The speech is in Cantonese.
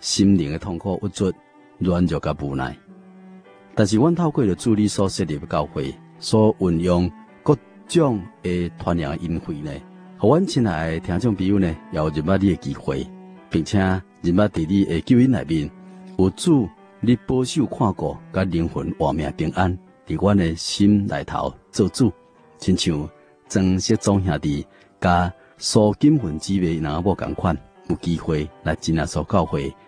心靈的痛苦、鬱卒軟弱甲無奈，但是阮透過了主你所設立的教會，所運用各種嘅團圓嘅恩惠呢，互阮親愛嘅聽眾朋友呢，也有入捌你嘅機會，並且入捌佇你嘅救恩內面，有主你保守看顧，甲靈魂活命平安，佇阮嘅心內頭做主，親像莊錫宗兄弟，甲蘇錦雲姊妹哪一部咁款，有機會來真耶穌教會。